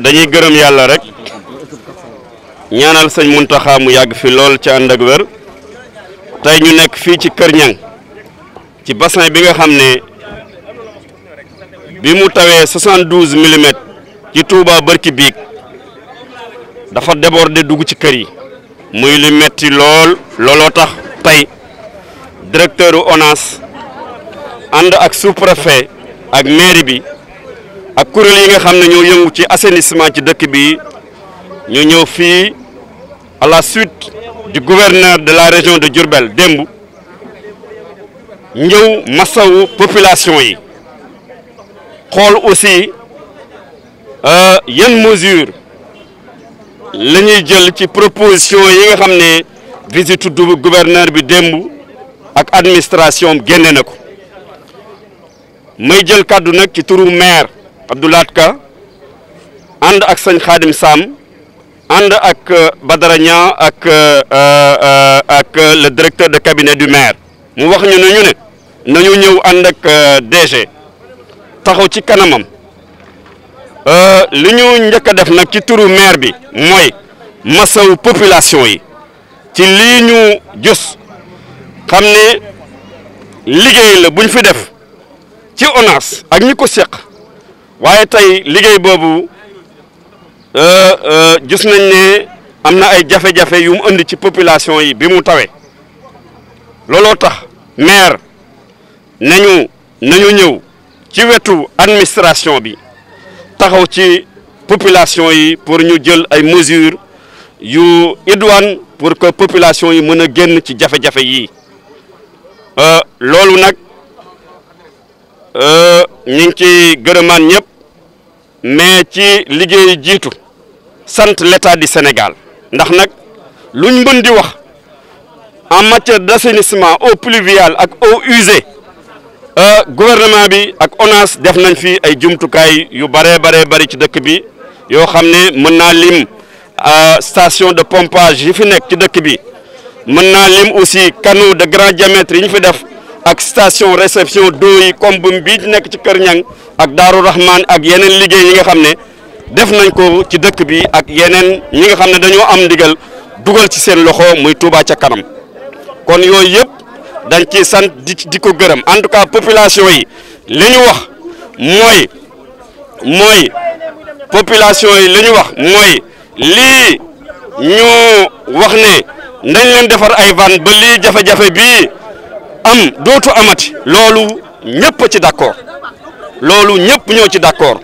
dañuy gërëm yàlla rek ñaanal sëñ Muntaxa mu yàgg fi lool ci ànd ak wér tey ñu nekk fii ci Kër Ñang ci bassin bi nga xam ne bi mu tawee 72 millimètres ci Touba bërki biig dafa debor déborder dugg ci kër yi muy lu metti lool looloo tax tey directeur u ONAS ànd ak sous-préfet ak mairie bi ak kuréel yi nga xam ne ñoo yëngu ci assainissement ci dëkk bi ñoo ñëw fii à la suite du gouverneur de la région de Diourbel démb njëw masawu population yi xool aussi euh, yan mesure la ñuy jël ci proposition yi nga xam ne visite du gouverneur bi démb ak administration génne na ko may jël kàddu nag ci turu maire Abdoulaat Ka ànd ak sëñ Xaadim Sam ànd ak euh, Badara Niang ak euh, euh, ak le directeur de cabinet du maire mu wax ñu ne ñu ne nañu ñëw ànd ak DG taxaw ci kanamam li ñu njëkk a def nag ci turu maire bi mooy masawu population yi ci lii ñu jus xam ne liggéey la buñ fi def ci ONAS ak ñi ko seq waaye tey liggéey boobu euh, euh, gis nañ ne am na ay jafe-jafe yu mu indi ci population yi bi mu tawee looloo tax maire nañu nañu ñëw ci wetu administration bi taxaw ci population yi pour ñu jël ay mesures yu idoine pour que population yi mën a génn ci jafe-jafe yii euh, loolu nag ñu ngi ci gërëmaan ñëpp mais ci liggéey jiitu sant l'état du Sénégal ndax nag luñ mën di wax en matière d'assainissement eau pluviale ak eau usée euh, gouvernement bi ak ONAS def nañ fi ay jumtukaay yu bëree baree bari ci dëkk bi yoo xam ne mën naa lim euh, station de pompage yi fi nekk ci dëkk bi mën naa lim aussi canaux de grand diamètre yi ñu fi def ak station réception d'eau yi comme bu bii nekk ci Kër Ñang ak Daaru Rahman ak yeneen liggéey yi nga xam ne def nañ ko ci dëkk bi ak yeneen ñi nga xam ne dañoo am ndigal dugal ci seen loxo muy Touba ca kanam kon yooyu yëpp dañ ci sant di di ko gërëm en tout cas population yi li wax mooy mooy population yi li ñu wax mooy lii ñu wax ne ndañ leen defar ay van ba lii jafe-jafe bii am dootu amati loolu ñëpp ci d'accord loolu ñëpp ñoo ci d'accord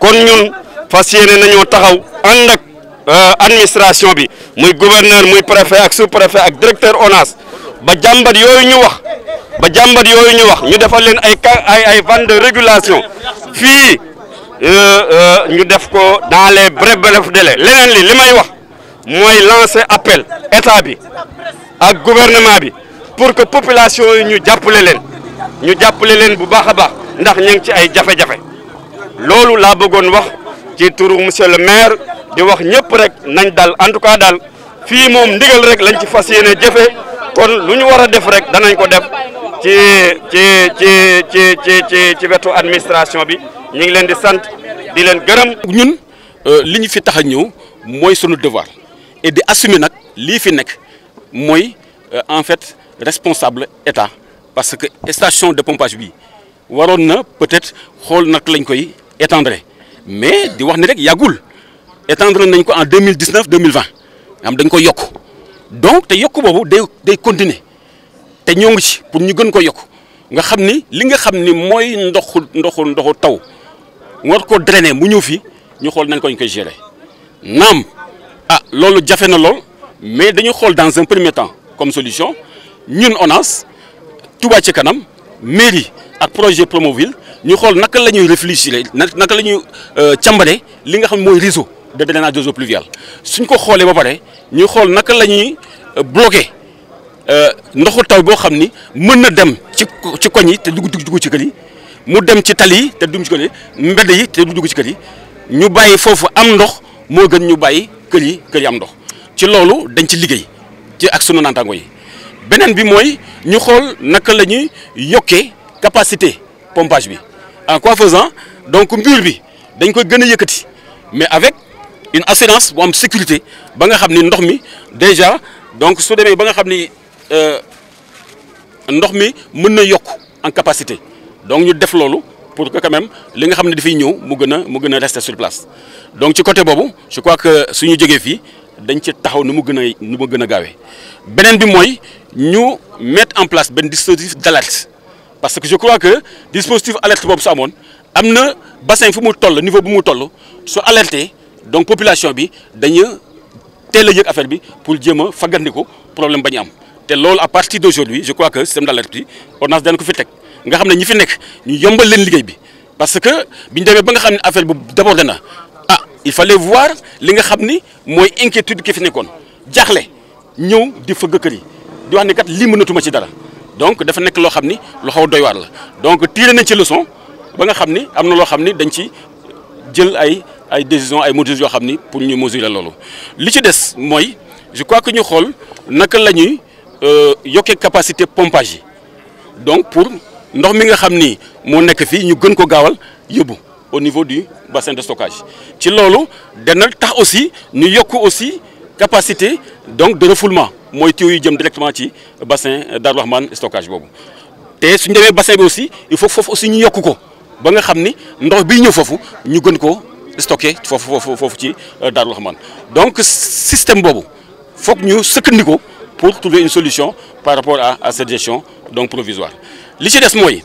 kon ñun fas yéene nañoo taxaw ànd ak euh, administration bi muy gouverneur muy préfet ak sous-préfet ak directeur ONAS ba jàmbat yooyu ñu wax ba jàmbat yooyu ñu wax ñu defal leen ay ay ay vannes de régulation fii euh, euh, ñu def ko dans les brefs délais leneen li li may wax mooy lancer appel état bi ak gouvernement bi. pour que population yi ñu jàppale leen ñu jàppale leen bu baax a baax ndax ñu ngi ci ay jafe-jafe loolu laa bëggoon wax ci turu monsieur le maire di wax ñëpp rek nañ dal en tout cas daal fii moom ndigal rek lañ ci fas yéene jëfe kon lu ñu war a def rek danañ ko def ci ci ci ci ci ci wetu administration bi ñu ngi leen di sant di leen gërëm. ñun euh, li ñu fi tax a ñëw mooy sunu devoir et di assumer nag li fi nekk mooy euh, en fait. responsable état parce que station de pompage bi waroon na peut-être xool nag lañ koy étendre mais di wax ni rek yàggul étendre nañ ko en deux mille dix neuf deux mille am dañ koy yokk donc te yokk boobu day day continuer te ñoo ngi ci pour ñu gën ko yokk nga xam ni li nga xam ni mooy ndoxu ndoxu ndoxu taw war ko drainer mu ñëw fii ñu xool nañ ko ñu koy gérer naam ah loolu jafe na lool mais dañu xool dans un premier temps comme solution. ñun ONAS Touba ci kanam mairie ak projet Promoville ñu xool naka la ñuy réfléchir naka la ñuy euh, càmbare li nga xam mooy réseau de drainage des eaux suñ ko xoolee ba pare ñu xool naka la ñuy euh, bloqué euh, ndoxu taw boo xam ni mën na dem ci koñ yi te dugg dugg ci kër yi mu dem ci tali yi te dugg ci kër yi mbedd yi te du dugg ci kër yi ñu bàyyi foofu am ndox moo gën ñu bàyyi kër yi kër yi am ndox ci loolu dañ ci liggéey ci ak sunu naataango yi. beneen bi mooy ñu xool naka la ñuy yokkee capacité pompage bi en quoi faisant donc mur bi dañ koy gën a yëkkati mais avec une assurance bu am sécurité ba nga xam ni ndox mi déjà donc su demee ba nga xam ni euh, ndox mi mën na yokk en capacité donc ñu def loolu pour que quand li nga xam ne dafay ñëw mu gën a mu gën a rester sur place donc ci côté boobu je crois que suñu jógee fii dañ ci taxaw nu mu gën a nu mu gën a gaawee beneen bi mooy ñu mettre en place benn dispositif d' alerte parce que je crois que dispositif alert boobu su amoon am na bassin fu mu toll niveau bu mu toll su alerte donc population bi dañu teel a yëg affaire bi pour jéem a faggandiku problème ba am te loolu à partir d' aujourd'hui je crois que système d' alerte bi ordonnance daan ko fi teg nga xam ne ñi fi nekk ñu yombal leen liggéey bi parce que biñ demee ba nga xam ne affaire bu débordé na il fallait voir li nga xam ni mooy inquiétude ki fi nekkoon jaxle ñëw di fëgg kër yi di wax ni lii mënatuma ci dara donc dafa nekk loo xam ni lu xaw doy waar la donc tiré nañ ci leçon ba nga xam ni am na loo xam ni dañ ci jël ay ay décision ay mesures yoo xam ni pour ñu mesurer loolu li ci des mooy je crois que ñu xool naka la ñuy euh, yokkee capacité pompage yi donc pour ndox mi nga xam ni moo nekk fii ñu gën ko gaawal yóbbu au niveau du bassin de stockage ci loolu dana tax aussi ñu yokk aussi capacité donc de refoulement mooy tuyaux yu jëm directement ci bassin Darou Rahmane stockage boobu te suñu demee bassin bi aussi il faut foofu aussi ñu yokk ko ba nga xam ni ndox bi ñëw foofu ñu gën ko stocké foofu foofu foofu ci euh, Darou Rahmane donc système boobu foog ñu sëkkandiko pour trouver une solution par rapport à à cette gestion donc provisoire li ci des mooy.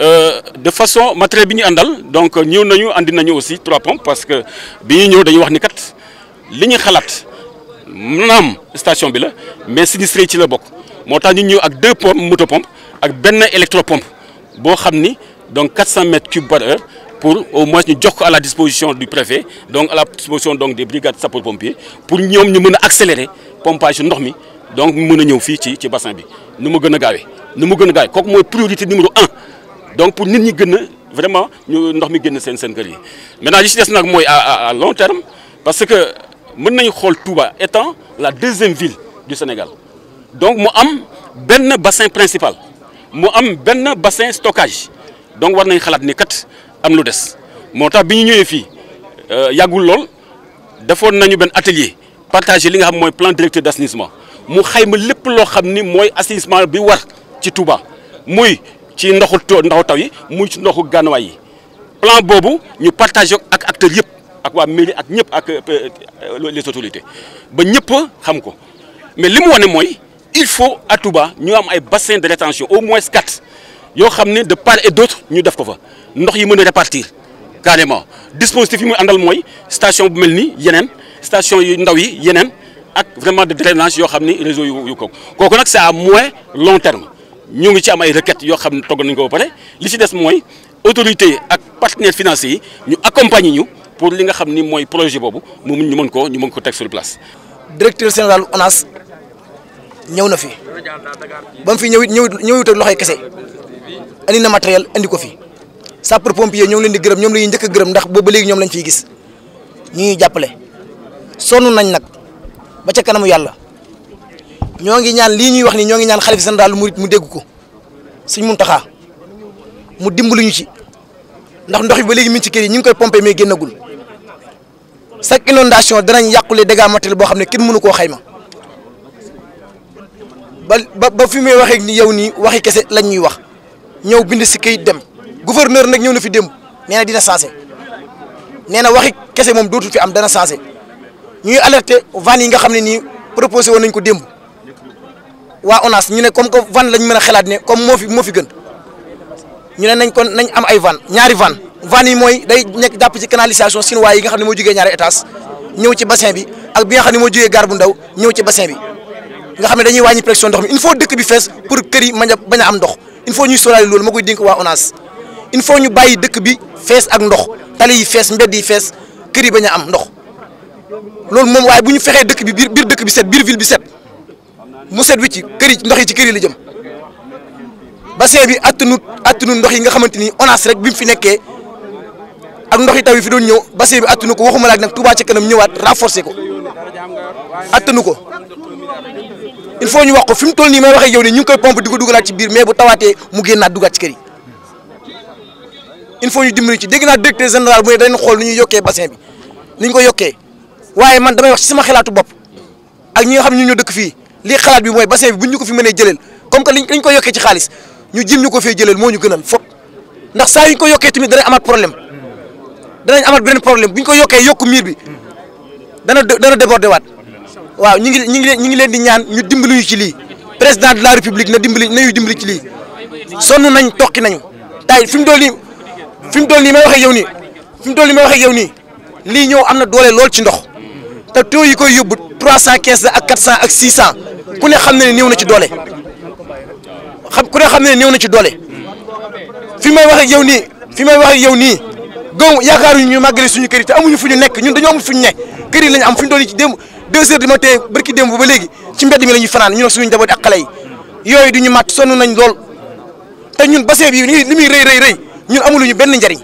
Euh, de façon matériel bi ñu àndal donc ñëw nañu andi nañu aussi trois pompes parce que bi ñu ñëw dañuy wax ni kat li ñu xalaat naam station bi la mais sinistré yi ci la bokk moo tax ñu ñëw ak deux pompes moto pompe ak benn électropompe boo xam ni donc 400 mètres cubes par pour au moins ñu jox ko à la disposition du préfet donc à la disposition donc des brigades sapeurs-pompiers pour ñoom ñu mën a accélérer pompage ndox mi donc mu mën a ñëw fii ci ci bassin bi nu mu gën a gaawee nu mu gën a gaawee kooku mooy priorité donc pour nit ñi gën a vraiment ñu ndox mi génn seen seen kër yi maintenant li ci des nag mooy à à long terme parce que mën nañu xool Touba étant la deuxième ville du Sénégal donc mu am benn bassin principal mu am benn bassin stockage donc war nañ xalaat ni kat am lu des moo tax bi ñu ñëwee fii euh, yàggul lool defoon nañu benn atelier partagé li nga xam mooy plan directeur d' assainissement mu xayma lépp loo xam ni mooy assainissement bi war ci Touba muy. ci ndoxu ndoxu taw yi muy ci ndoxu gànnawaay yi plan boobu ñu partagé ak acteurs yëpp ak waa mairie ak ñëpp ak euh, euh, les autorités ba ñëpp xam ko mais li mu wane mooy il faut à Touba ñu am ay bassin de rétention au moins quatre yoo xam ne de part et d'autre ñu def ko fa ndox yi mën a répartir carrément dispositif yi muy àndal mooy station bu mel ni yeneen station yi ndaw yi yeneen ak vraiment de drainage yoo xam ni réseau yu yu ko kooku nag c'est à moins long terme ñoo ngi ci am ay requêtes yoo xam ne togg nañ ko ba pare li ci des mooy autorité ak partenaires financiers yi ñu accompagne ñu pour li nga xam ni mooy projet boobu mu ñu mën ko ñu mën ko teg sur place. directeur général ONAS ñëw na fi bam mu fi ñëwit ñëwit ñëwit ak loxoy kese andi na matériel indi ko fi sapeur pompier ñoo ngi leen di gërëm ñoom la ñuy njëkk a gërëm ndax boobu ba léegi ñoom lañ fiy gis ñu ñuy jàppale sonn nañ nag ba ca kanamu yàlla. ñoo ngi ñaan lii ñuy wax ni ñoo ngi ñaan xalif général lu mu dégg ko Sëñ Muntaxa mu dimbali ñu ci ndax ndox yi ba léegi mi ci kër yi ñu ngi koy pompé mais génnagul chaque inondation danañ yàqule dégâts matériels boo xam ne kenn mënu koo xayma ba ba fi muy waxee ni yow nii waxi kese lañ ñuy wax ñëw bind si kayit dem gouverneur nag ñëw na fi démb nee na dina sensé nee na waxi kese moom dootul fi am dana sensé ñuy alerte vannes yi nga xam ne nii proposé woon nañ ko démb. waa ONAS ñu ne comme que van lañ mën a xalaat ne comme moo fi moo fi gën ñu ne nañ kon nañ am ay van ñaari van van yi mooy day nekk jàpp ci canalisation chinois yi nga xam ne moo jógee ñaari étage ñëw ci bassin bi ak bi nga xam ne moo jógee gare bu ndaw ñëw ci bassin bi nga xam ne dañuy wàññi pression ndox mi il faut dëkk bi fees pour kër yi mën a bañ a am ndox il faut loolu ma koy dénk waa ONAS il faut ñu bàyyi dëkk bi fees ak ndox tali yi fees mbedd yi fees kër yi bañ am ndox loolu moom waaye bu ñu fexee dëkk bi biir dëkk bi set biir ville bi set mu set wi ci kër yi ndox yi ci kër la jëm bassin bi attanut attanut ndox yi nga xamante ni ONAS rek bi mu fi nekkee ak ndox yi taw yi fi doon ñëw bassin bi nu ko waxuma laak nag Touba ca kanam ñëwaat renforcer ko attanu ko il faut ñu wax ko fi mu toll nii may waxee yow nii ñu ngi koy pompe di ko dugalaat ci biir mais bu mu génnaat dugaat ci kër yi il faut ñu dimbali ci dégg naa directeur général bu ne dañu xool nu ñu yokkee bassin bi ni ñu ko yokkee waaye man damay wax ci sama xalaatu bopp ak ñi nga xam ñu ñëw dëkk fii. lii xalaat bi mooy bassin bi buñ ñu ko fi mënee jëleel comme que liñ liñ ko yokkee ci xaalis ñu jim ñu ko fee jëleel moo ñu gënal fop ndax saa yuñ ko yokkee tamit danañ amaat problème danañ amaat beneen problème buñ ko yokkee yokku miir bi dana dana déborder waat waaw ñu ngi ñu ngi leen ñu ngi leen di ñaan ñu dimbali ñu ci lii président de la république na dimbali na ñu dimbali ci lii sonn nañ tokki nañu tay fi mu dool nii fi mu dool nii may waxee yow nii fi mu dool nii may waxee yow nii lii ñëw am na doole lool ci ndox te taux yi koy yóbbu trois cent quinze ak quatre cent ak six cent ku ne xam ne néew na ci doole xam ku ne xam ne néew na ci doole fi may wax ak yow nii fi may wax ak yow nii gëw yaakaaruñu ñu màggali suñu këri yi te amuñu fu ñu nekk ñun dañoo amul fu ñu ne kër yi lañu am fu ñu doon ci démb deux heures du matin barki démb ba léegi ci mbedd mi la ñuy fanaan ñu suñu njaboot ak yooyu duñu màtt sonn nañ lool te ñun bassin bi li muy rëy rëy rëy ñun amuluñu benn njariñ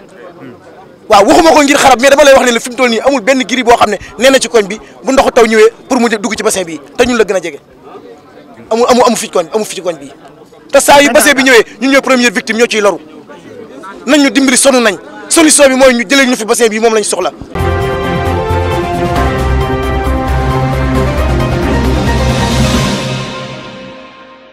waaw waxuma ko ngir xarab mais dama lay wax ne la fi nii amul benn giri boo xam ne nee ci koñ bi bu ndoxu taw ñëwee pour mu dugg ci bassin bi te ñun la gën a jege amu amu amu fi ci koñ amu fi ci koñ bi te saa yu basee bi ñëwee ñun ñoo première victime ñoo ciy loru nañ ñu dimbali sonn nañ solution bi mooy ñu jëlee ñu fi bassin bi moom lañ soxla